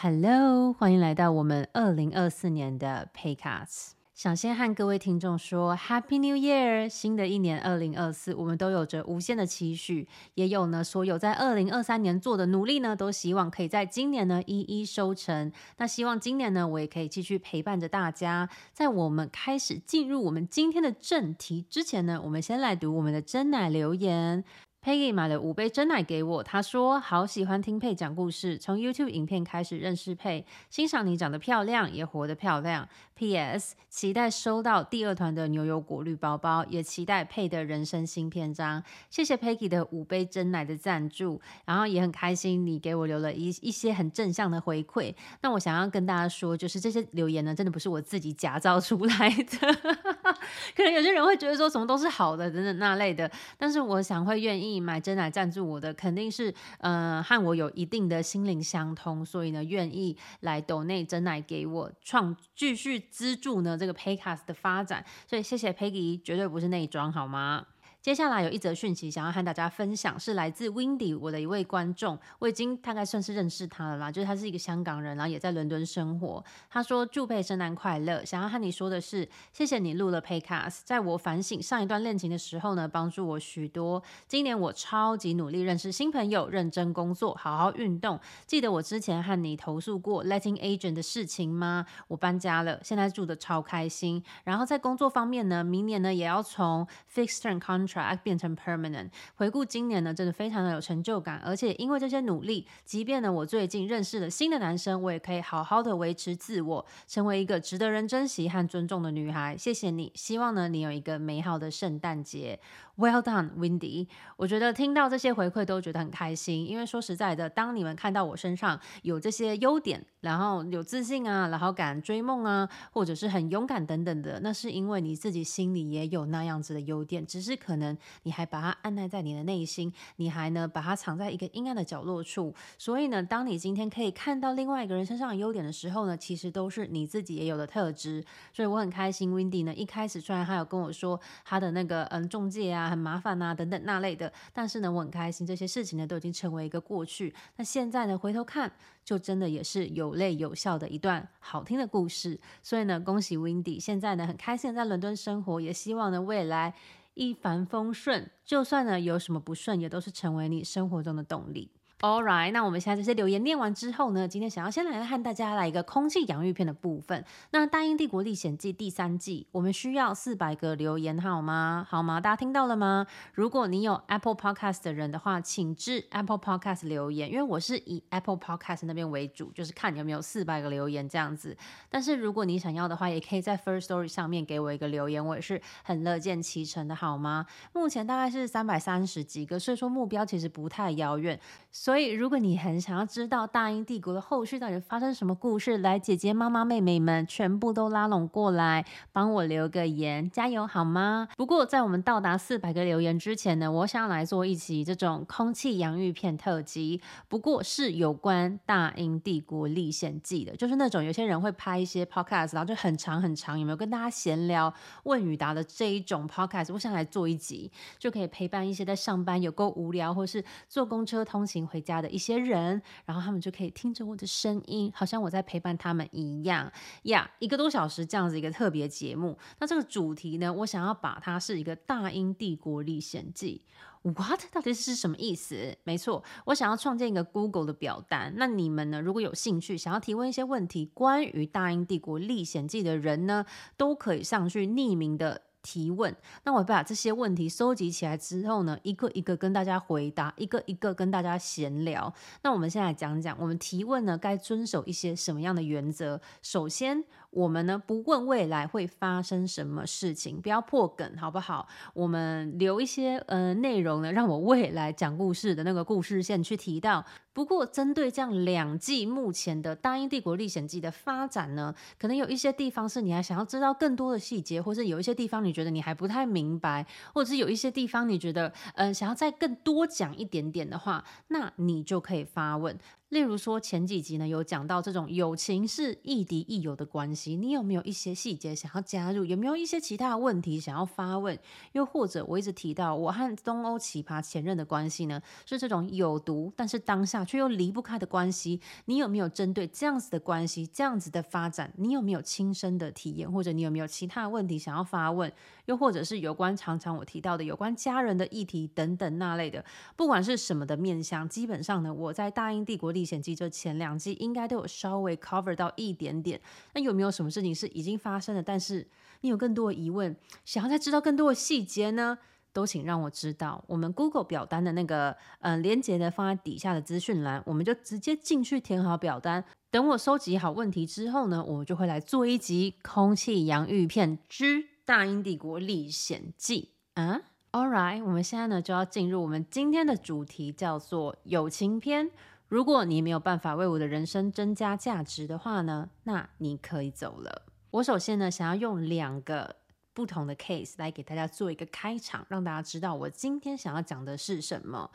Hello，歡迎來到我們二零二四年的 Paycast。想先和各位聽眾說 Happy New Year，新的一年二零二四，我們都有着無限的期許，也有呢所有在二零二三年做的努力呢，都希望可以在今年呢一一收成。那希望今年呢，我也可以繼續陪伴着大家。在我們開始進入我們今天的正題之前呢，我們先來讀我們的珍奶留言。Peggy 買了五杯珍奶給我，她說好喜歡聽佩講故事，從 YouTube 影片開始認識佩，欣賞你長得漂亮，也活得漂亮。P.S. 期待收到第二團的牛油果綠包包，也期待佩的人生新篇章。謝謝 Peggy 的五杯珍奶的贊助，然後也很開心你給我留了一一些很正向的回饋。那我想要跟大家說，就是這些留言呢，真的不是我自己假造出來的， 可能有些人會覺得說什麼都是好的等等那類的，但是我想會願意。買珍奶贊助我的，肯定是呃和我有一定的心靈相通，所以呢願意來抖內珍奶給我創繼續資助呢這個 Paycast 的發展，所以謝謝 Peggy，絕對不是內裝好嗎？接下來有一則訊息想要和大家分享，是來自 Windy 我的一位觀眾，我已經大概算是認識他了啦，就是他是一個香港人，然後也在倫敦生活。他說祝佩聖誕快樂，想要和你說的是，謝謝你錄了 Podcast，在我反省上一段戀情的時候呢，幫助我許多。今年我超級努力認識新朋友，認真工作，好好運動。記得我之前和你投訴過 Letting Agent 的事情嗎？我搬家了，現在住的超開心。然後在工作方面呢，明年呢也要從 Fixed Term Contract。把 act 變成 permanent。回顧今年呢，真的非常的有成就感，而且因為這些努力，即便呢我最近認識了新的男生，我也可以好好的維持自我，成為一個值得人珍惜和尊重的女孩。謝謝你，希望呢你有一個美好的聖誕節。Well done, Wendy。我覺得聽到這些回饋都覺得很開心，因為說實在的，當你們看到我身上有這些優點，然後有自信啊，然後敢追夢啊，或者是很勇敢等等的，那是因為你自己心裡也有那樣子的優點，只是可能你還把它按捺在你的內心，你還呢把它藏在一個陰暗的角落處。所以呢，當你今天可以看到另外一個人身上的優點的時候呢，其實都是你自己也有的特質。所以我很開心，Wendy 呢一開始雖然還有跟我說他的那個嗯中介啊。很麻煩呐、啊，等等那類的，但是呢，我很開心，這些事情呢都已經成為一個過去。那現在呢，回頭看，就真的也是有淚有笑的一段好聽的故事。所以呢，恭喜 Wendy，現在呢很開心在倫敦生活，也希望呢未來一帆風順。就算呢有什麼不順，也都是成為你生活中的動力。All right，那我們現在這些留言念完之後呢，今天想要先來和大家來一個空氣洋芋片的部分。那《大英帝國歷險記》第三季，我們需要四百個留言，好嗎？好嗎？大家聽到了嗎？如果你有 Apple Podcast 的人的話，請至 Apple Podcast 留言，因為我是以 Apple Podcast 那邊為主，就是看有沒有四百個留言這樣子。但是如果你想要的話，也可以在 Firstory 上面給我一個留言，我也是很樂見其成的，好嗎？目前大概是三百三十幾個，所以說目標其實不太遙遠。所以，如果你很想要知道大英帝國的後續到底發生什麼故事，來，姐姐、媽媽、妹妹們全部都拉攏過來，幫我留個言，加油好嗎？不過，在我們到達四百個留言之前呢，我想要來做一集這種空氣洋芋片特輯。不過，是有關大英帝國歷險記的，就是那種有些人會拍一些 podcast，然後就很長很長。有沒有跟大家閒聊、問與答的這一種 podcast？我想來做一集，就可以陪伴一些在上班有夠無聊，或是坐公車通勤回。回家的一些人，然後他們就可以聽着我的聲音，好像我在陪伴他們一樣呀。Yeah, 一個多小時這樣子一個特別節目，那這個主題呢，我想要把它是一個《大英帝國歷險記》。What 到底是什麼意思？沒錯，我想要創建一個 Google 的表單。那你們呢，如果有興趣想要提問一些問題關於《大英帝國歷險記》的人呢，都可以上去匿名的。提問，那我把這些問題收集起來之後呢，一個一個跟大家回答，一個一個跟大家閒聊。那我們先來講講，我們提問呢，該遵守一些什麼樣的原則？首先，我們呢，不問未來會發生什麼事情，不要破梗，好不好？我們留一些呃內容呢，讓我未來講故事的那個故事線去提到。不過，針對這樣兩季目前的《大英帝國歷險記》的發展呢，可能有一些地方是你還想要知道更多的細節，或是有一些地方你覺得你還不太明白，或者是有一些地方你覺得嗯、呃，想要再更多講一點點的話，那你就可以發問。例如說，前幾集呢有講到這種友情是亦敵亦友的關係，你有沒有一些細節想要加入？有沒有一些其他的問題想要發問？又或者我一直提到我和東歐奇葩前任的關係呢，是這種有毒但是當下卻又離不開的關係，你有沒有針對這樣子的關係，這樣子的發展，你有沒有親身的體驗，或者你有沒有其他的問題想要發問？又或者是有關常常我提到的有關家人的議題等等那類的，不管是什麼的面向，基本上呢，我在《大英帝國歷險記》這前兩季應該都有稍微 cover 到一點點。那有沒有什麼事情是已經發生的，但是你有更多的疑問，想要再知道更多的細節呢？都請讓我知道。我們 Google 表單的那個嗯、呃、連接的放在底下的資訊欄，我們就直接進去填好表單。等我收集好問題之後呢，我就會來做一集空氣洋芋片之。《大英帝國歷險記》啊，嗯，All right，我們現在呢就要進入我們今天的主題，叫做友情篇。如果你沒有辦法為我的人生增加價值的話呢，那你可以走了。我首先呢想要用兩個。不同的 case 來給大家做一個開場，讓大家知道我今天想要講的是什麼。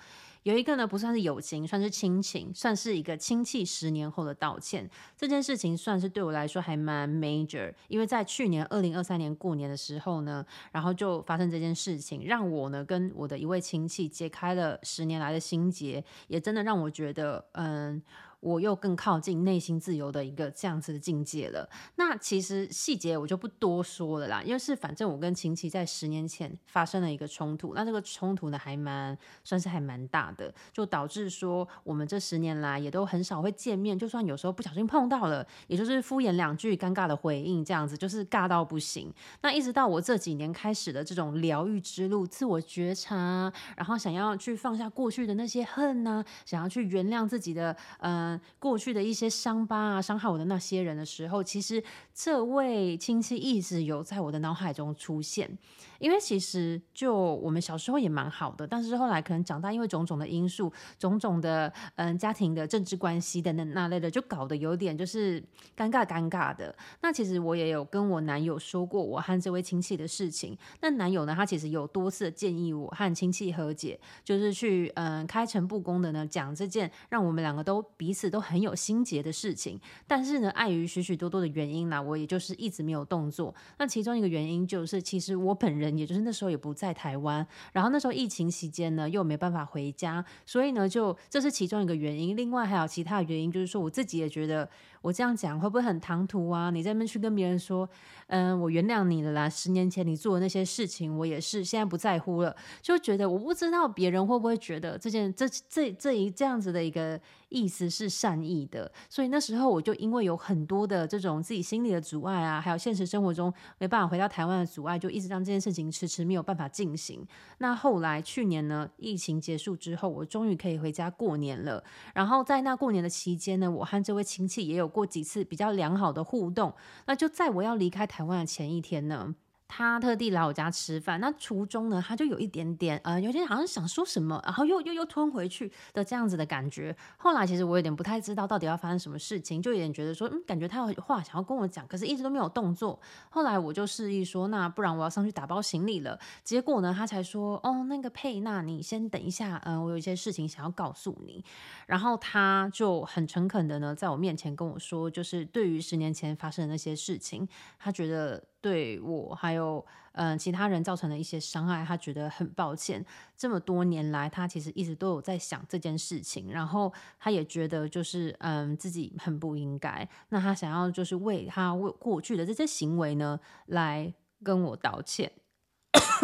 有一個呢，不算是友情，算是親情，算是一個親戚十年後的道歉這件事情，算是對我來說還蠻 major。因為在去年二零二三年過年的時候呢，然後就發生這件事情，讓我呢跟我的一位親戚解開了十年來的心結，也真的讓我覺得，嗯。我又更靠近內心自由的一個這樣子的境界了。那其實細節我就不多說了啦，因為是反正我跟秦琦在十年前發生了一個衝突，那這個衝突呢還蠻算是還蠻大的，就導致說我們這十年來也都很少會見面，就算有時候不小心碰到了，也就是敷衍兩句，尷尬的回應這樣子，就是尬到不行。那一直到我這幾年開始的這種療癒之路，自我覺察，然後想要去放下過去的那些恨吶、啊，想要去原諒自己的嗯。呃過去的一些傷疤啊，傷害我的那些人的時候，其實這位親戚一直有在我的腦海中出現。因為其實就我們小時候也蠻好的，但是後來可能長大，因為種種的因素、種種的嗯家庭的政治關係等等那類的，就搞得有點就是尷尬尷尬的。那其實我也有跟我男友說過我和這位親戚的事情。那男友呢，他其實有多次建議我和親戚和解，就是去嗯開誠布公的呢講這件讓我們兩個都彼此都很有心結的事情。但是呢，礙於許許多多的原因呢，我也就是一直沒有動作。那其中一個原因就是，其實我本人。也就是那時候也不在台灣，然後那時候疫情期間呢又沒辦法回家，所以呢就這是其中一個原因。另外還有其他原因，就是說我自己也覺得我這樣講會不會很唐突啊？你這邊去跟別人說，嗯，我原諒你了啦，十年前你做的那些事情，我也是現在不在乎了。就覺得我不知道別人會不會覺得這件這這這一這樣子的一個意思是善意的。所以那時候我就因為有很多的這種自己心裡的阻礙啊，還有現實生活中沒辦法回到台灣的阻礙，就一直讓這件事情。遲遲沒有辦法進行。那後來去年呢，疫情結束之後，我終於可以回家過年了。然後在那過年的期間呢，我和這位親戚也有過幾次比較良好的互動。那就在我要離開台灣的前一天呢。他特地來我家吃飯，那途中呢，他就有一點點，呃，有點好像想說什麼，然後又又又吞回去的這樣子的感覺。後來其實我有點不太知道到底要發生什麼事情，就有點覺得說，嗯，感覺他有話想要跟我講，可是一直都沒有動作。後來我就示意說，那不然我要上去打包行李了。結果呢，他才說，哦，那個佩娜，你先等一下，嗯、呃，我有一些事情想要告訴你。然後他就很誠懇的呢，在我面前跟我說，就是對於十年前發生的那些事情，他覺得。對我還有嗯、呃、其他人造成的一些傷害，他覺得很抱歉。這麼多年來，他其實一直都有在想這件事情，然後他也覺得就是嗯、呃、自己很不應該。那他想要就是為他為過去的這些行為呢，來跟我道歉。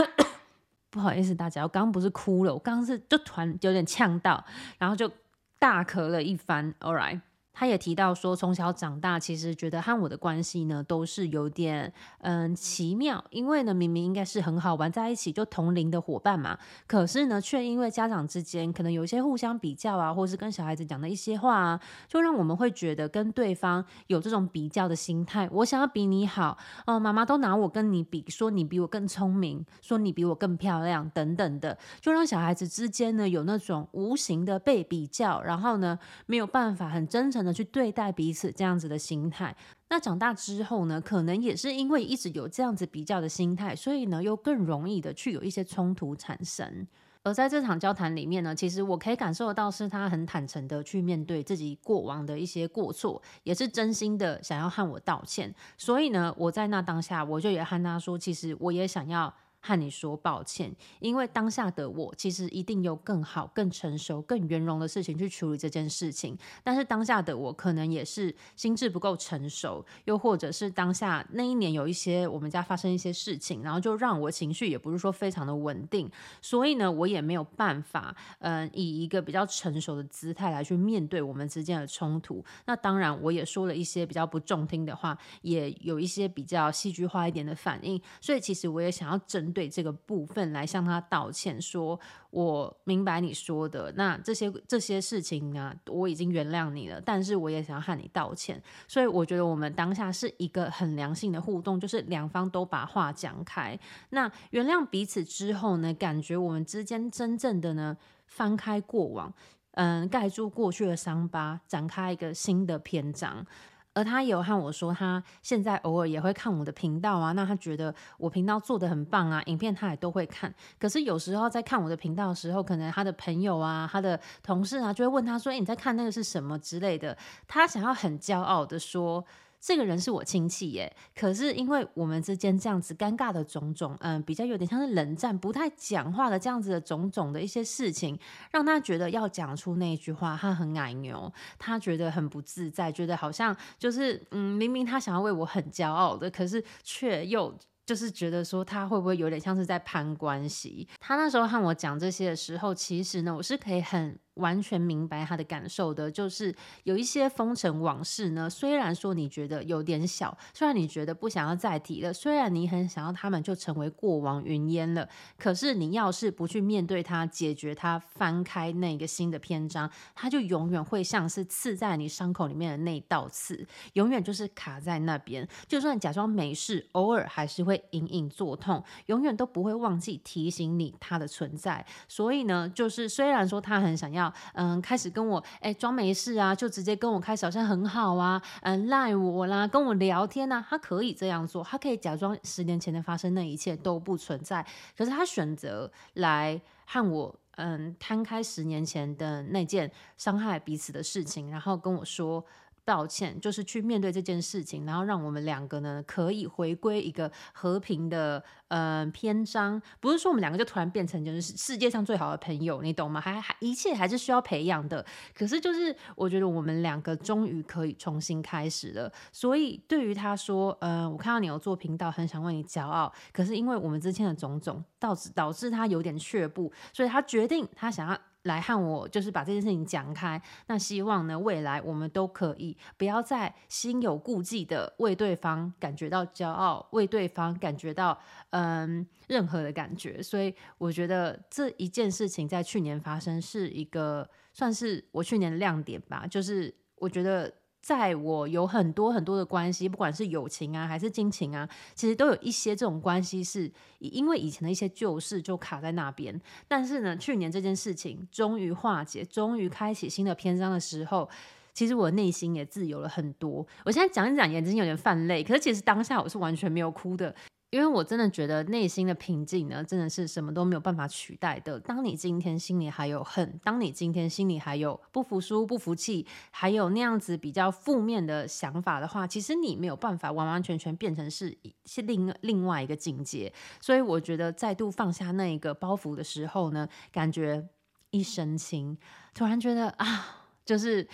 不好意思大家，我剛剛不是哭了，我剛剛是就團有點嗆到，然後就大咳了一番。Alright。他也提到說，從小長大，其實覺得和我的關係呢，都是有點嗯奇妙，因為呢，明明應該是很好玩在一起，就同齡的伙伴嘛，可是呢，卻因為家長之間可能有一些互相比較啊，或是跟小孩子講的一些話啊，就讓我們會覺得跟對方有這種比較的心態。我想要比你好哦，呃，媽媽都拿我跟你比，說你比我更聰明，說你比我更漂亮等等的，就讓小孩子之間呢有那種無形的被比較，然後呢沒有辦法很真誠。可能去對待彼此這樣子的心態，那長大之後呢，可能也是因為一直有這樣子比較的心態，所以呢，又更容易的去有一些衝突產生。而在這場交談裡面呢，其實我可以感受到是他很坦誠的去面對自己過往的一些過錯，也是真心的想要和我道歉。所以呢，我在那當下，我就也和他說，其實我也想要。和你說抱歉，因為當下的我其實一定有更好、更成熟、更圓融的事情去處理這件事情。但是當下的我可能也是心智不夠成熟，又或者是當下那一年有一些我們家發生一些事情，然後就讓我情緒也不是說非常的穩定，所以呢，我也沒有辦法，嗯、呃，以一個比較成熟的姿態來去面對我們之間的衝突。那當然，我也說了一些比較不中聽的話，也有一些比較戲劇化一點的反應。所以其實我也想要整。對這個部分來向他道歉說，說我明白你說的，那這些這些事情啊，我已經原諒你了，但是我也想要和你道歉，所以我覺得我們當下是一個很良性的互動，就是兩方都把話講開，那原諒彼此之後呢，感覺我們之間真正的呢翻開過往，嗯，蓋住過去的傷疤，展開一個新的篇章。而他也有和我說，他現在偶爾也會看我的頻道啊，那他覺得我頻道做的很棒啊，影片他也都會看。可是有時候在看我的頻道的時候，可能他的朋友啊、他的同事啊，就會問他說：“欸，你在看那個是什麼之類的？”他想要很驕傲的說。這個人是我親戚耶，可是因為我們之間這樣子尷尬的種種，嗯，比較有點像是冷戰、不太講話的這樣子的種種的一些事情，讓他覺得要講出那一句話，他很矮牛，他覺得很不自在，覺得好像就是，嗯，明明他想要為我很驕傲的，可是卻又就是覺得說他會不會有點像是在攀關係？他那時候和我講這些的時候，其實呢，我是可以很。完全明白他的感受的，就是有一些風塵往事呢。雖然說你覺得有點小，雖然你覺得不想要再提了，雖然你很想要他們就成為過往雲煙了，可是你要是不去面對它、解決它、翻開那個新的篇章，它就永遠會像是刺在你傷口裡面的那道刺，永遠就是卡在那邊。就算假裝沒事，偶爾還是會隱隱作痛，永遠都不會忘記提醒你它的存在。所以呢，就是雖然說他很想要。嗯，開始跟我哎裝沒事啊，就直接跟我開小差，好像很好啊，嗯賴我啦，跟我聊天吶、啊，他可以這樣做，他可以假裝十年前的發生那一切都不存在，可是他選擇來和我嗯攤開十年前的那件傷害彼此的事情，然後跟我說。道歉，就是去面對這件事情，然後讓我們兩個呢可以回歸一個和平的呃篇章。不是說我們兩個就突然變成就是世界上最好的朋友，你懂嗎？還還一切還是需要培養的。可是就是我覺得我們兩個終於可以重新開始了。所以對於他說，呃，我看到你有做頻道，很想為你驕傲。可是因為我們之前的種種導致導致他有點卻步，所以他決定他想要。來和我就是把這件事情講開，那希望呢，未來我們都可以不要再心有顧忌的為對方感覺到驕傲，為對方感覺到嗯任何的感覺，所以我覺得這一件事情在去年發生是一個算是我去年的亮點吧，就是我覺得。在我有很多很多的關係，不管是友情啊還是親情啊，其實都有一些這種關係是因為以前的一些舊事就卡在那邊。但是呢，去年這件事情終於化解，終於開啟新的篇章的時候，其實我內心也自由了很多。我現在講一講，眼睛有點泛淚，可是其實當下我是完全沒有哭的。因為我真的覺得內心的平靜呢，真的是什麼都沒有辦法取代的。當你今天心裡還有恨，當你今天心裡還有不服輸、不服氣，還有那樣子比較負面的想法的話，其實你沒有辦法完完全全變成是是另另外一個境界。所以我覺得再度放下那一個包袱的時候呢，感覺一身輕，突然覺得啊，就是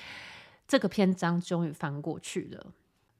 這個篇章終於翻過去了。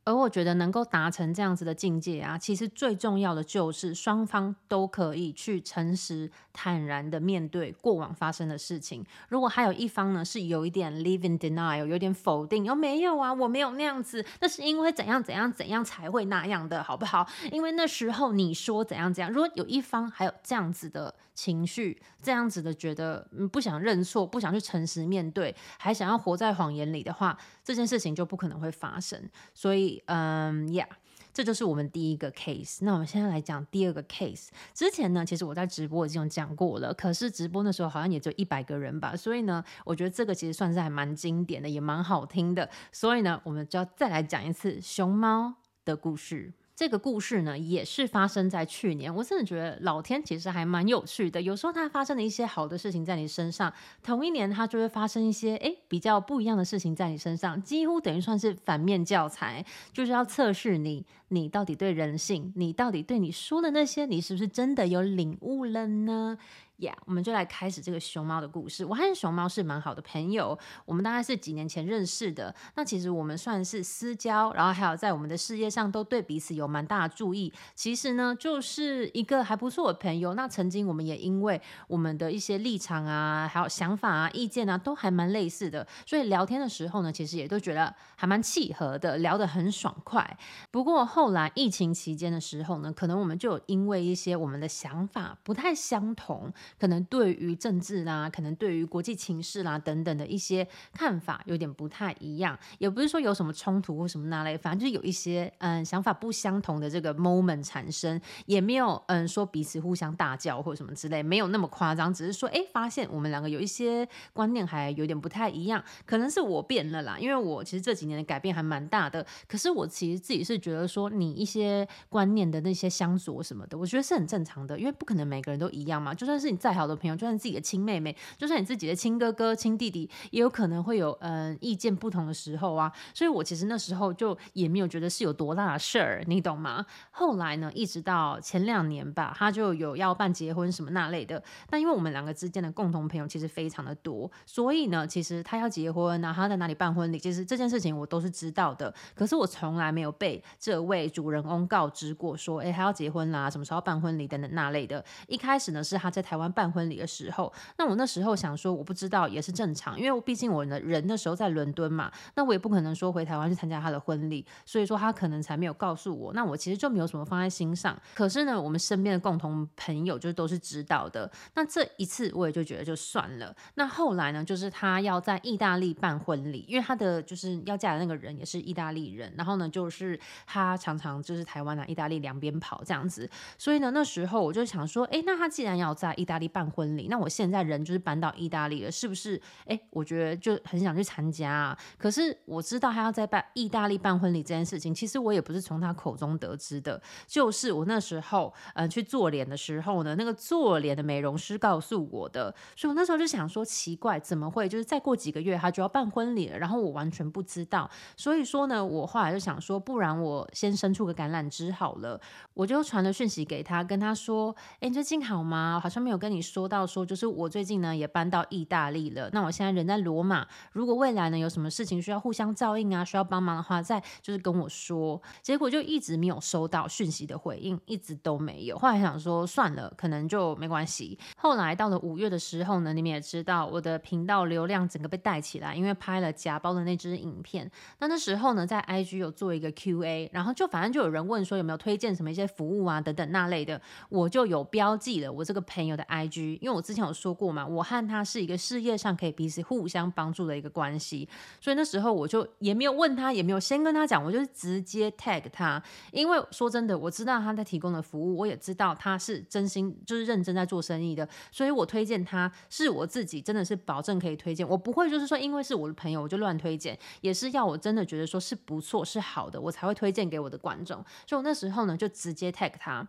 而我覺得能夠達成這樣子的境界啊，其實最重要的就是雙方都可以去誠實坦然的面對過往發生的事情。如果還有一方呢是有一點 live in denial，有一點否定，哦，沒有啊，我沒有那樣子，那是因為怎樣怎樣怎樣才會那樣的，好不好？因為那時候你說怎樣怎樣，如果有一方還有這樣子的情緒，這樣子的覺得不想認錯，不想去誠實面對，還想要活在謊言裡的話，這件事情就不可能會發生。所以。嗯，um，Yeah，這就是我們第一個 case。那我們現在來講第二個 case。之前呢，其實我在直播已經有講過了，可是直播的時候好像也就一百個人吧。所以呢，我覺得這個其實算是還蠻經典的，也蠻好聽的。所以呢，我們就要再來講一次熊貓的故事。這個故事呢，也是發生在去年。我真的覺得老天其實還蠻有趣的，有時候它發生了一些好的事情在你身上，同一年它就會發生一些誒比較不一樣的事情在你身上，幾乎等於算是反面教材，就是要測試你。你到底對人性？你到底對你說的那些，你是不是真的有領悟了呢？呀、yeah，我們就來開始這個熊貓的故事。我和熊貓是蠻好的朋友，我們大概是幾年前認識的。那其實我們算是私交，然後還有在我們的事業上都對彼此有蠻大的注意。其實呢，就是一個還不錯的朋友。那曾經我們也因為我們的一些立場啊，還有想法啊、意見啊，都還蠻類似的，所以聊天的時候呢，其實也都覺得還蠻契合的，聊得很爽快。不過，後來疫情期間的時候呢，可能我們就有因為一些我們的想法不太相同，可能對於政治啦，可能對於國際情勢啦等等的一些看法有點不太一樣，也不是說有什麼衝突或什麼那類，反正就是有一些嗯想法不相同的這個 moment 產生，也沒有嗯說彼此互相大叫或什麼之類，沒有那麼誇張，只是說，哎，發現我們兩個有一些觀念還有點不太一樣，可能是我變了啦，因為我其實這幾年的改變還蠻大的，可是我其實自己是覺得說。你一些觀念的那些相左什麼的，我覺得是很正常的，因為不可能每個人都一樣嘛。就算是你再好的朋友，就算是自己的親妹妹，就算是自己的親哥哥、親弟弟，也有可能會有嗯意見不同的時候啊。所以我其實那時候就也沒有覺得是有多大的事兒，你懂嗎？後來呢，一直到前兩年吧，他就有要辦結婚什麼那類的。但因為我們兩個之間的共同朋友其實非常的多，所以呢，其實他要結婚啊，他要在哪裡辦婚禮，其實這件事情我都是知道的。可是我從來沒有被這位。被主人公告知過說，誒、欸、他要結婚啦，什麼時候辦婚禮等等那類的。一開始呢，是他在台灣辦婚禮的時候，那我那時候想說，我不知道也是正常，因為我畢竟我呢，人那時候在倫敦嘛，那我也不可能說回台灣去參加他的婚禮，所以說他可能才沒有告訴我。那我其實就沒有什麼放在心上。可是呢，我們身邊的共同朋友就都是知道的。那這一次我也就覺得就算了。那後來呢，就是他要在意大利辦婚禮，因為他的就是要嫁的那個人也是意大利人，然後呢，就是他。常常就是台灣啊、意大利兩邊跑這樣子，所以呢，那時候我就想說，哎、欸，那他既然要在意大利辦婚禮，那我現在人就是搬到意大利了，是不是？哎、欸，我覺得就很想去參加啊。可是我知道他要在辦意大利辦婚禮這件事情，其實我也不是從他口中得知的，就是我那時候嗯、呃、去做臉的時候呢，那個做臉的美容師告訴我的，所以我那時候就想說，奇怪，怎麼會就是再過幾個月他就要辦婚禮了，然後我完全不知道。所以說呢，我後來就想說，不然我先。伸出個橄欖枝好了，我就傳了訊息給他，跟他說：“哎、欸，你最近好嗎？我好像沒有跟你說到說，就是我最近呢也搬到意大利了。那我現在人在羅馬，如果未來呢有什麼事情需要互相照應啊，需要幫忙的話，再就是跟我說。”結果就一直沒有收到訊息的回應，一直都沒有。後來想說算了，可能就沒關係。後來到了五月的時候呢，你們也知道我的頻道流量整個被帶起來，因為拍了假包的那支影片。那那時候呢，在 IG 有做一個 QA，然後就。反正就有人問說有沒有推薦什麼一些服務啊等等那類的，我就有標記了我這個朋友的 IG，因為我之前有說過嘛，我和他是一個事業上可以彼此互相幫助的一個關係，所以那時候我就也沒有問他，也沒有先跟他講，我就是直接 tag 他，因為說真的，我知道他在提供的服務，我也知道他是真心就是認真在做生意的，所以我推薦他是我自己真的是保證可以推薦，我不會就是說因為是我的朋友我就亂推薦，也是要我真的覺得說是不錯是好的，我才會推薦給我的。觀眾，所以我那時候呢，就直接 tag 他。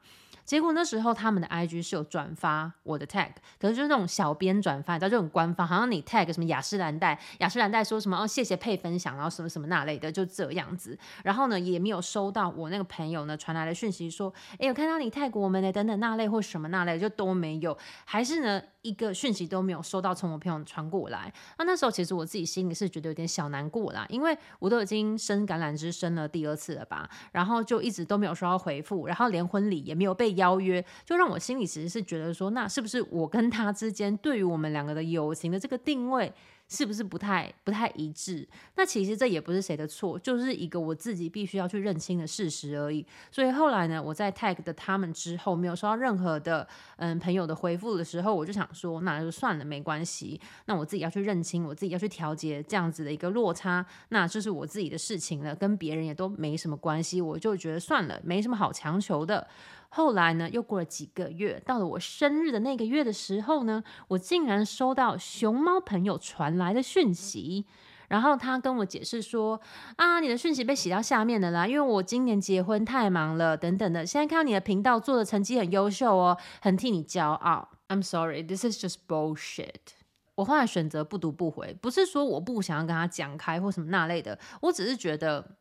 結果那時候他們的 IG 是有轉發我的 tag，可是就是那種小編轉發，然後就很官方，好像你 tag 什麼雅詩蘭黛，雅詩蘭黛說什麼哦謝謝配分享，然後什麼什麼那類的就這樣子。然後呢也沒有收到我那個朋友呢傳來的訊息說，哎有看到你 tag 我們的等等那類或什麼那類就都沒有，還是呢一個訊息都沒有收到從我朋友傳過來。那那時候其實我自己心裡是覺得有點小難過啦，因為我都已經伸橄欖枝伸了第二次了吧，然後就一直都沒有收到回復，然後連婚禮也沒有被。邀約就讓我心裡其實是覺得說，那是不是我跟他之間對於我們兩個的友情的這個定位，是不是不太不太一致？那其實這也不是誰的錯，就是一個我自己必須要去認清的事實而已。所以後來呢，我在 tag 的他們之後沒有收到任何的嗯朋友的回復的時候，我就想說，那就算了，沒關係。那我自己要去認清，我自己要去調節這樣子的一個落差，那這是我自己的事情了，跟別人也都沒什麼關係。我就覺得算了，沒什麼好強求的。後來呢，又過了幾個月，到了我生日的那個月的時候呢，我竟然收到熊貓朋友傳來的訊息，然後他跟我解釋說：“啊，你的訊息被洗到下面了啦，因為我今年結婚太忙了，等等的。現在看到你的頻道做的成績很優秀哦，很替你驕傲。” I'm sorry, this is just bullshit。我後來選擇不讀不回，不是說我不想要跟他講開或什麼那類的，我只是覺得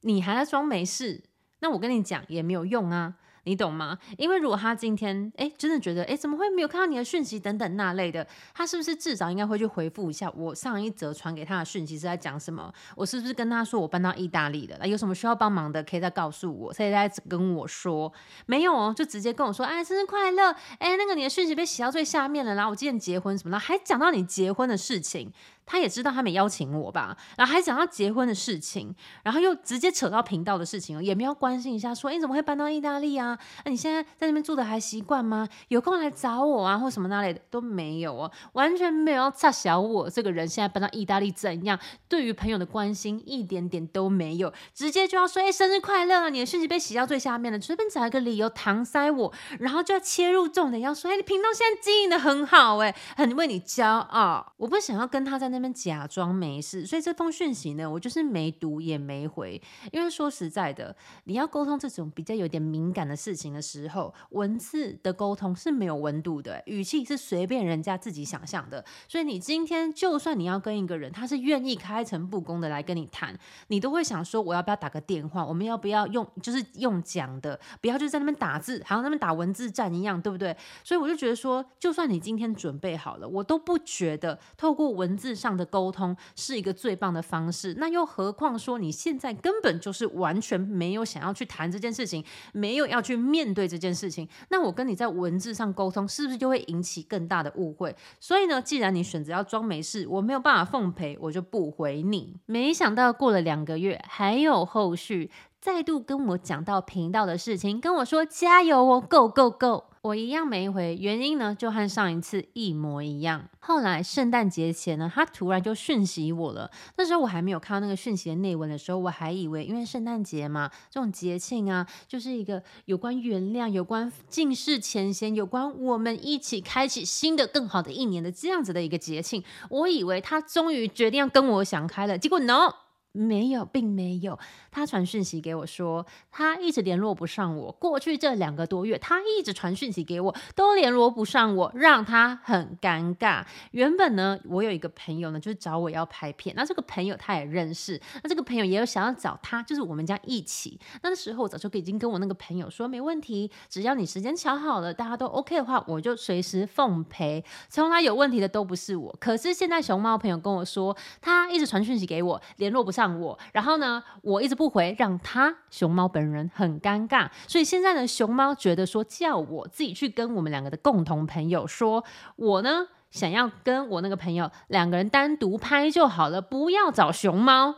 你還在裝沒事，那我跟你講也沒有用啊。你懂嗎？因為如果他今天哎，真的覺得哎，怎麼會沒有看到你的訊息等等那類的，他是不是至少應該會去回復一下我上一則傳給他的訊息是在講什麼？我是不是跟他說我搬到意大利的？那、啊、有什麼需要幫忙的可以再告訴我，所以他跟我說。沒有哦，就直接跟我說哎，生日快樂，哎，那個你的訊息被洗到最下面了，然後我今天結婚什麼的，還講到你結婚的事情。他也知道他沒邀請我吧，然後還講到結婚的事情，然後又直接扯到頻道的事情，也沒有關心一下說，說、欸、哎怎麼會搬到意大利啊？那、啊、你現在在那邊住的還習慣嗎？有空來找我啊，或什麼那類的都沒有哦、啊，完全沒有要差小我這個人現在搬到意大利怎樣？對於朋友的關心一點點都沒有，直接就要說哎、欸、生日快樂啊！你的訊息被洗到最下面了，隨便找一個理由搪塞我，然後就要切入重點，要說哎、欸、你頻道現在經營得很好哎、欸，很為你驕傲。我不想要跟他在那。那邊假裝沒事，所以這封訊息呢，我就是沒讀也沒回，因為說實在的，你要溝通這種比較有點敏感的事情的時候，文字的溝通是沒有溫度的，欸，語氣是隨便人家自己想象的。所以你今天就算你要跟一個人，他是願意開誠布公的來跟你談，你都會想說，我要不要打個電話？我們要不要用就是用講的，不要就在那邊打字，好像那邊打文字戰一樣，對不對？所以我就覺得說，就算你今天準備好了，我都不覺得透過文字上。上的溝通是一個最棒的方式，那又何況說你現在根本就是完全沒有想要去談這件事情，沒有要去面對這件事情，那我跟你在文字上溝通是不是就會引起更大的誤會？所以呢，既然你選擇要裝沒事，我沒有辦法奉陪，我就不回你。沒想到過了兩個月，還有後續。再度跟我講到頻道的事情，跟我說加油哦，Go Go Go！我一樣沒回，原因呢就和上一次一模一樣。後來聖誕節前呢，他突然就訊息我了。那時候我還沒有看到那個訊息的內文的時候，我還以為因為聖誕節嘛，這種節慶啊，就是一個有關原諒、有關盡釋前嫌、有關我們一起開啟新的、更好的一年的這樣子的一個節慶。我以為他終於決定要跟我想開了，結果 no。沒有，並沒有。他傳訊息給我說，說他一直聯絡不上我。過去這兩個多月，他一直傳訊息給我，都聯絡不上我，讓他很尷尬。原本呢，我有一個朋友呢，就是找我要拍片。那這個朋友他也認識，那這個朋友也有想要找他，就是我們家一起。那時候我早就已經跟我那個朋友說，沒問題，只要你時間喬好了，大家都 OK 的話，我就隨時奉陪。從來有問題的都不是我。可是現在熊貓朋友跟我說，他一直傳訊息給我，聯絡不上。讓我，然後呢，我一直不回，讓他熊貓本人很尷尬。所以現在呢，熊貓覺得說叫我自己去跟我們兩個的共同朋友說，我呢想要跟我那個朋友兩個人單獨拍就好了，不要找熊貓。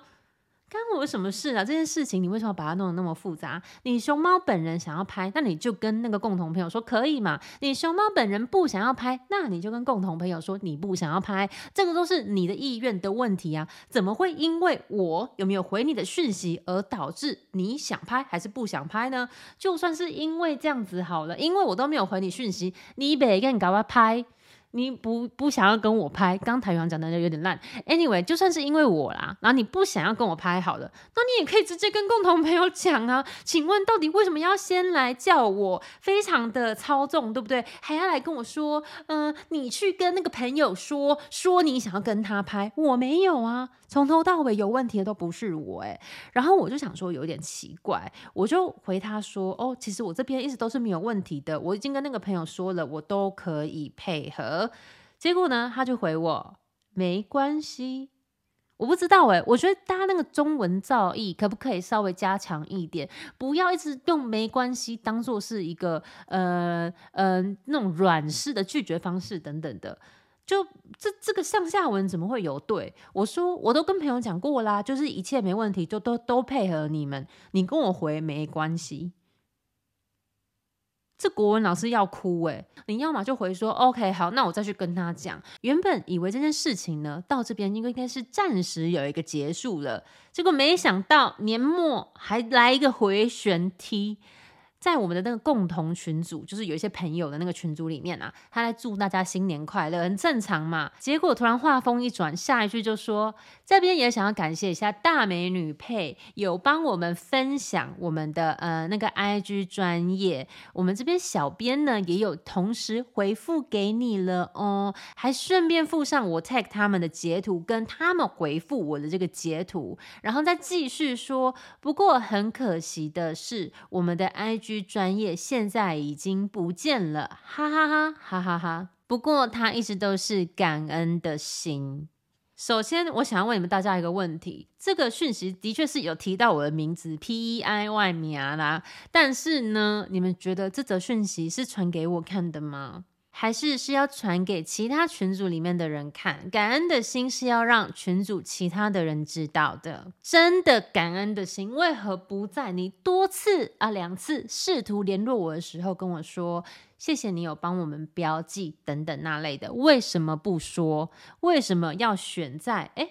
幹我什麼事啊？這件事情你為什麼把它弄得那麼複雜？你熊貓本人想要拍，那你就跟那個共同朋友說可以嘛。你熊貓本人不想要拍，那你就跟共同朋友說你不想要拍。這個都是你的意願的問題啊，怎麼會因為我有沒有回你的訊息而導致你想拍還是不想拍呢？就算是因為這樣子好了，因為我都沒有回你訊息，你別跟你搞爸拍。你不不想要跟我拍，剛台灣講的就有點爛。Anyway，就算是因為我啦，然後你不想要跟我拍好，了，那你也可以直接跟共同朋友講啊。請問到底為什麼要先來叫我？非常的操縱，對不對？還要來跟我說，嗯，你去跟那個朋友說，說你想要跟他拍，我沒有啊，從頭到尾有問題的都不是我誒。然後我就想說有點奇怪，我就回他說，哦，其實我這邊一直都是沒有問題的，我已經跟那個朋友說了，我都可以配合。結果呢，他就回我，沒關係，我不知道誒、欸，我覺得大家那個中文造詣可不可以稍微加強一點？不要一直用沒關係當做是一個呃呃那種軟式的拒絕方式等等的，就這這個上下文怎麼會有對？對我說，我都跟朋友講過啦，就是一切沒問題，就都都配合你們。你跟我回，沒關係。這國文老師要哭誒、欸，你要嘛就回說 OK 好，那我再去跟他講。原本以為這件事情呢，到這邊應該應該是暫時有一個結束了，結果沒想到年末還來一個迴旋踢。在我們的那個共同群組，就是有一些朋友的那個群組裡面啊，他來祝大家新年快樂，很正常嘛。結果突然話鋒一轉，下一句就說：“這邊也想要感謝一下大美女配有幫我們分享我們的呃那個 IG 專業。我們這邊小編呢也有同時回復給你了哦，還順便附上我 tag 他們的截圖，跟他們回復我的這個截圖，然後再繼續說。不過很可惜的是，我們的 IG。居專業現在已經不見了，哈哈哈哈，哈哈哈哈。不過他一直都是感恩的心。首先，我想要問你們大家一個問題：這個訊息的確是有提到我的名字 P E I Y 名啦。A L、A，但是呢，你們覺得這則訊息是傳給我看的嗎？還是是要傳給其他群組裡面的人看，感恩的心是要讓群組其他的人知道的。真的感恩的心，為何不在你多次啊兩次試圖聯絡我的時候跟我說，謝謝你有幫我們標記等等那類的？為什麼不說？為什麼要選在誒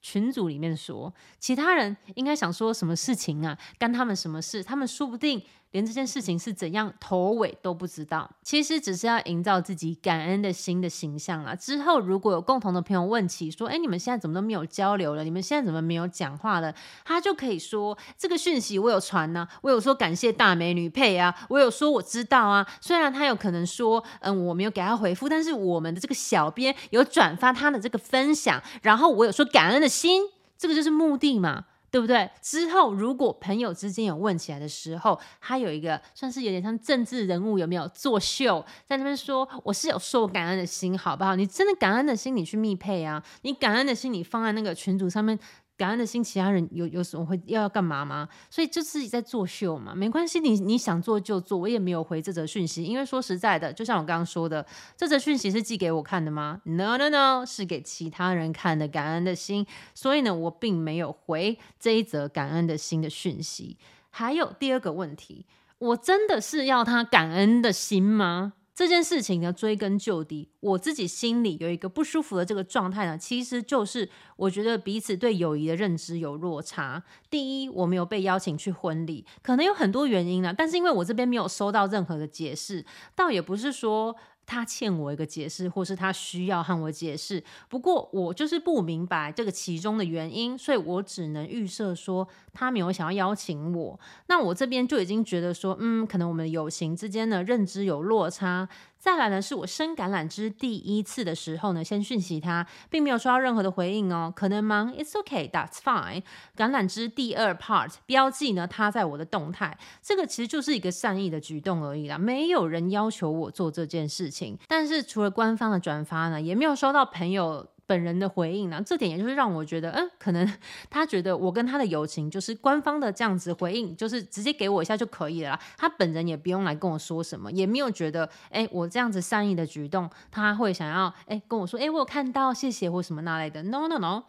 群組裡面說？其他人應該想說什麼事情啊？干他們什麼事？他們說不定。連這件事情是怎樣頭尾都不知道，其實只是要營造自己感恩的心的形象啊。之後如果有共同的朋友問起，說：“誒，你們現在怎麼都沒有交流了？你們現在怎麼沒有講話了？”他就可以說：“這個訊息我有傳呢、啊，我有說感謝大美女配啊，我有說我知道啊。雖然他有可能說，嗯，我沒有給他回復，但是我們的這個小編有轉發他的這個分享，然後我有說感恩的心，這個就是目的嘛。”對不對？之後如果朋友之間有問起來的時候，他有一個算是有點像政治人物有沒有作秀，在那邊說我是有受感恩的心，好不好？你真的感恩的心，你去密配啊，你感恩的心，你放在那個群組上面。感恩的心，其他人有有什麼會要要幹嘛嗎？所以就自己在作秀嘛？沒關係，你你想做就做。我也沒有回這則訊息，因為說實在的，就像我剛剛說的，這則訊息是寄給我看的嗎？No No No，是給其他人看的感恩的心。所以呢，我並沒有回這一則感恩的心的訊息。還有第二個問題，我真的是要他感恩的心嗎？這件事情呢，追根究底，我自己心裡有一個不舒服的這個狀態呢，其實就是我覺得彼此對友誼的認知有落差。第一，我沒有被邀請去婚禮，可能有很多原因啦，但是因為我這邊沒有收到任何的解釋，倒也不是說他欠我一個解釋，或是他需要和我解釋，不過我就是不明白這個其中的原因，所以我只能預設說，他沒有想要邀請我，那我這邊就已經覺得說，嗯，可能我們的友情之間的認知有落差。再來呢，是我伸橄欖枝第一次的時候呢，先訊息他，並沒有收到任何的回應哦，可能忙。It's okay, that's fine。橄欖枝第二 part 標記呢，他在我的動態，這個其實就是一個善意的舉動而已啦，沒有人要求我做這件事情。但是除了官方的轉發呢，也沒有收到朋友。本人的回應呢？啊，這點也就是讓我覺得，嗯，可能他覺得我跟他的友情就是官方的這樣子回應，就是直接給我一下就可以了啦。他本人也不用來跟我說什麼，也沒有覺得，哎，我這樣子善意的舉動，他會想要，哎，跟我說，哎，我有看到，謝謝，或什麼那類的。No，No，No，no, no，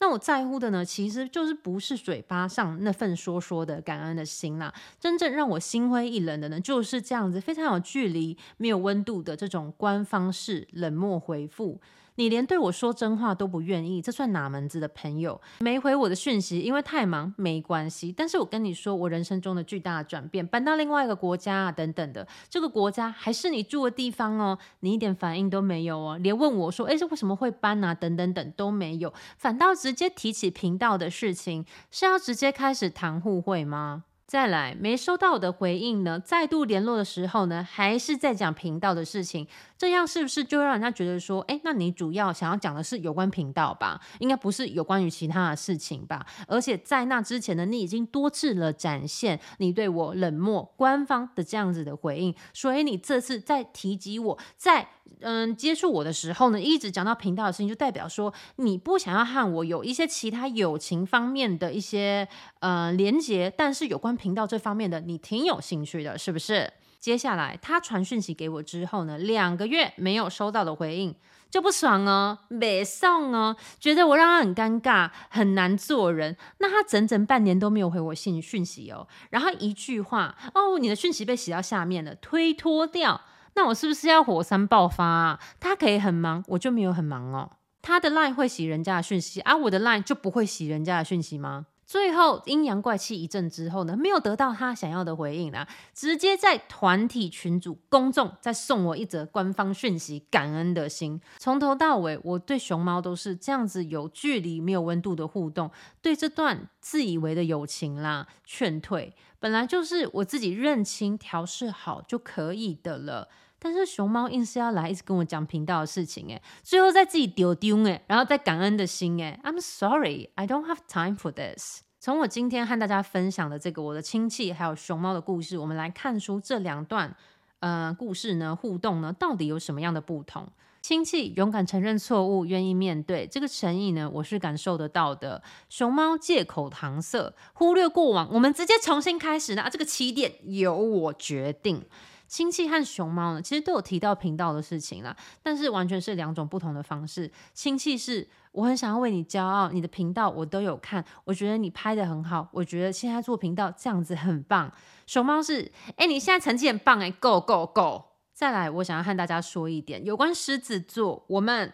那我在乎的呢，其實就是不是嘴巴上那份說說的感恩的心啦。真正讓我心灰意冷的呢，就是這樣子非常有距離、沒有溫度的這種官方式冷漠回復。你連對我說真話都不願意，這算哪門子的朋友？沒回我的訊息，因為太忙，沒關係。但是我跟你說我人生中的巨大的轉變，搬到另外一個國家啊，等等的，這個國家還是你住的地方哦，你一點反應都沒有哦，連問我說，誒，這為什麼會搬啊，等等等都沒有，反倒直接提起頻道的事情，是要直接開始談互惠嗎？再來沒收到我的回應呢？再度聯絡的時候呢，還是在講頻道的事情，這樣是不是就讓人家覺得說，誒，那你主要想要講的是有關頻道吧？應該不是有關於其他的事情吧？而且在那之前呢，你已經多次了展現你對我冷漠、官方的這樣子的回應，所以你這次在提及我在嗯接觸我的時候呢，一直講到頻道的事情，就代表說你不想要和我有一些其他友情方面的一些呃連接，但是有關頻聽到這方面的你挺有興趣的，是不是？接下來他傳訊息給我之後呢，兩個月沒有收到的回應就不爽哦，沒送哦，覺得我讓他很尷尬，很難做人。那他整整半年都沒有回我信訊息哦，然後一句話哦，你的訊息被洗到下面了，推脫掉。那我是不是要火山爆發啊？他可以很忙，我就沒有很忙哦。他的 LINE 會洗人家的訊息，而，啊，我的 LINE 就不會洗人家的訊息嗎？最後陰陽怪氣一陣之後呢，沒有得到他想要的回應啦，直接在團體群主公眾再送我一則官方訊息，感恩的心。從頭到尾我對熊貓都是這樣子有距離沒有溫度的互動，對這段自以為的友情啦，勸退，本來就是我自己認清調試好就可以的了。但是熊貓硬是要來，一直跟我講頻道的事情，哎，最後再自己丟丢，哎，然後再感恩的心，哎，I'm sorry, I don't have time for this。從我今天和大家分享的這個我的親戚還有熊貓的故事，我們來看出這兩段、呃、故事呢互動呢到底有什麼樣的不同？親戚勇敢承認錯誤，願意面對這個誠意呢，我是感受得到的。熊貓借口搪塞，忽略過往，我們直接重新開始呢？啊、這個起點由我決定。親戚和熊貓呢，其實都有提到頻道的事情啦，但是完全是兩種不同的方式。親戚是我很想要為你驕傲，你的頻道我都有看，我覺得你拍得很好，我覺得現在做頻道這樣子很棒。熊貓是，哎、欸，你現在成績很棒，哎，Go Go Go！再來，我想要和大家說一點，有關獅子座，我們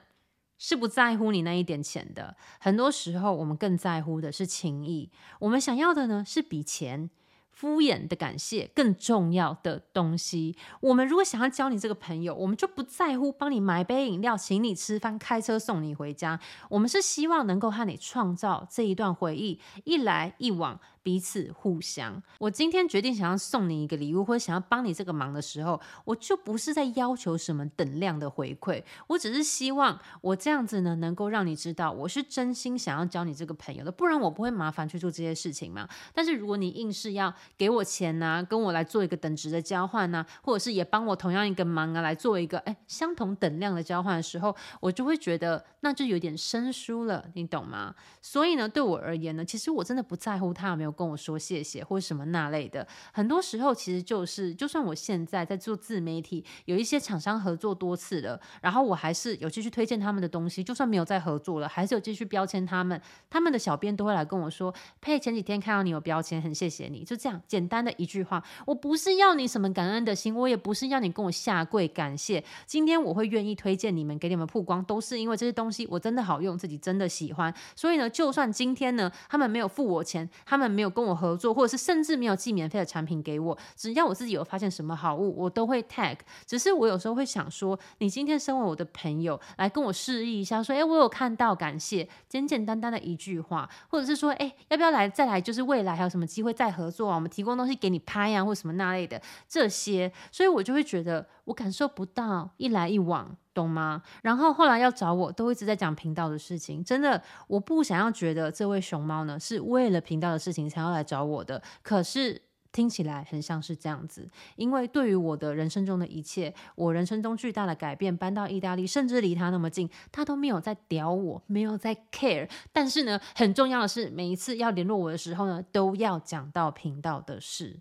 是不在乎你那一點錢的，很多時候我們更在乎的是情誼，我們想要的呢是比錢敷衍的感謝，更重要的東西。我們如果想要交你這個朋友，我們就不在乎幫你買杯飲料、請你吃飯、開車送你回家。我們是希望能夠和你創造這一段回憶，一來一往，彼此互相，我今天決定想要送你一個禮物，或者想要幫你這個忙的時候，我就不是在要求什麼等量的回饋，我只是希望我這樣子呢，能夠讓你知道我是真心想要交你這個朋友的，不然我不會麻煩去做這些事情嘛。但是如果你硬是要給我錢啊，跟我來做一個等值的交換吶、啊，或者是也幫我同樣一個忙啊，來做一個哎相同等量的交換的時候，我就會覺得那就有點生疏了，你懂嗎？所以呢，對我而言呢，其實我真的不在乎他有沒有。跟我說謝謝或者什麼那類的，很多時候其實就是，就算我現在在做自媒體，有一些廠商合作多次了，然後我還是有繼續推薦他們的東西，就算沒有再合作了，還是有繼續標籤他們。他們的小編都會來跟我說：“佩前幾天看到你有標籤，很謝謝你”，就這樣簡單的一句話，我不是要你什麼感恩的心，我也不是要你跟我下跪感謝。今天我會願意推薦你們給你們曝光，都是因為這些東西我真的好用，自己真的喜歡。所以呢，就算今天呢，他們沒有付我錢，他們沒有。有跟我合作，或者是甚至沒有寄免費的產品給我，只要我自己有發現什麼好物，我都會 tag。只是我有時候會想說，你今天身為我的朋友，來跟我示意一下，說，誒，我有看到，感謝，簡簡單單的一句話，或者是說，誒，要不要來再來，就是未來還有什麼機會再合作啊？我們提供東西給你拍呀，或什麼那類的這些，所以我就會覺得。我感受不到一來一往，懂嗎？然後後來要找我，都一直在講頻道的事情。真的，我不想要覺得這位熊貓呢是為了頻道的事情才要來找我的。可是聽起來很像是這樣子，因為對於我的人生中的一切，我人生中巨大的改變，搬到意大利，甚至離他那麼近，他都沒有在屌我，沒有在 care。但是呢，很重要的是，每一次要聯絡我的時候呢，都要講到頻道的事。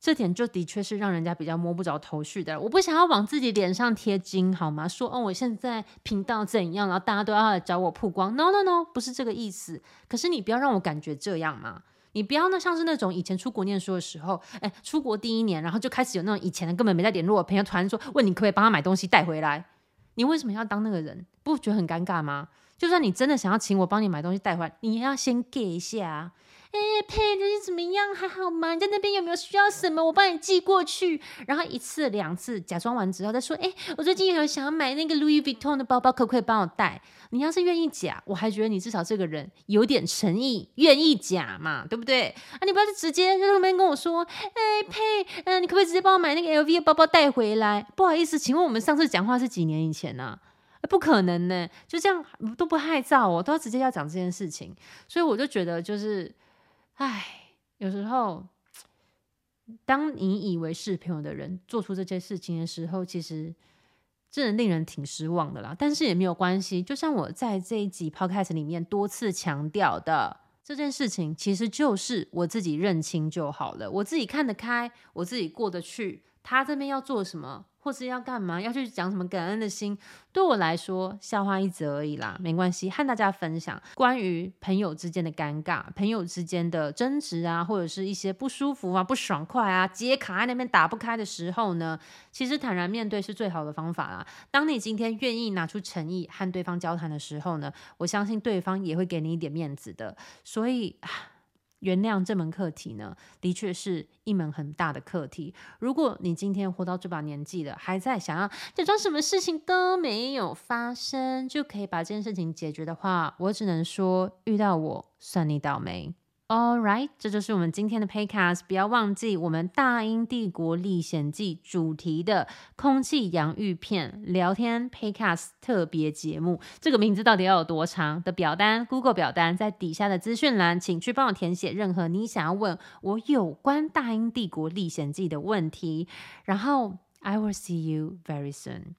這點就的確是讓人家比較摸不着頭緒的。我不想要往自己臉上貼金，好嗎？說，哦，我現在頻道怎樣，然後大家都要來找我曝光。No No No，不是這個意思。可是你不要讓我感覺這樣嘛，你不要那像是那種以前出國念書的時候，哎，出國第一年，然後就開始有那種以前的根本沒在聯絡的朋友突然說，問你可不可以幫他買東西帶回來，你為什麼要當那個人？不覺得很尷尬嗎？就算你真的想要請我幫你買東西帶回來，你也要先給一下啊。哎派，最近、欸、怎麼樣？還好嗎？你在那邊有沒有需要什麼？我幫你寄過去。然後一次兩次假裝完之後再說。哎、欸，我最近有想要買那個 Louis Vuitton 的包包，可不可以幫我帶？你要是願意假，我還覺得你至少這個人有點誠意，願意假嘛，對不對？啊，你不要是直接在那邊跟我說，哎、欸、派，嗯、呃，你可不可以直接幫我買那個 LV 的包包帶回來？不好意思，請問我們上次講話是幾年以前呢、啊欸？不可能呢，就這樣都不害臊、哦，我都要直接要講這件事情，所以我就覺得就是。唉，有時候，當你以為是朋友的人做出這些事情的時候，其實真的令人挺失望的啦。但是也沒有關係，就像我在這一集 podcast 裡面多次強調的，這件事情其實就是我自己認清就好了，我自己看得開，我自己過得去。他這邊要做什麼，或是要幹嘛，要去講什麼感恩的心，對我來說，笑話一則而已啦，沒關係，和大家分享關於朋友之間的尷尬、朋友之間的爭執啊，或者是一些不舒服啊、不爽快啊，直接卡在那邊打不開的時候呢，其實坦然面對是最好的方法啦。當你今天願意拿出誠意和對方交談的時候呢，我相信對方也會給你一點面子的。所以。原諒這門課題呢，的確是一門很大的課題。如果你今天活到這把年紀了，還在想要假裝什麼事情都沒有發生，就可以把這件事情解決的話，我只能說，遇到我算你倒霉。All right，這就是我們今天的 Podcast。不要忘記，我們《大英帝國歷險記》主題的空氣洋芋片聊天 Podcast 特別節目。這個名字到底要有多長的表單？Google 表單在底下的資訊欄，請去幫我填寫任何你想要問我有關《大英帝國歷險記》的問題。然後，I will see you very soon。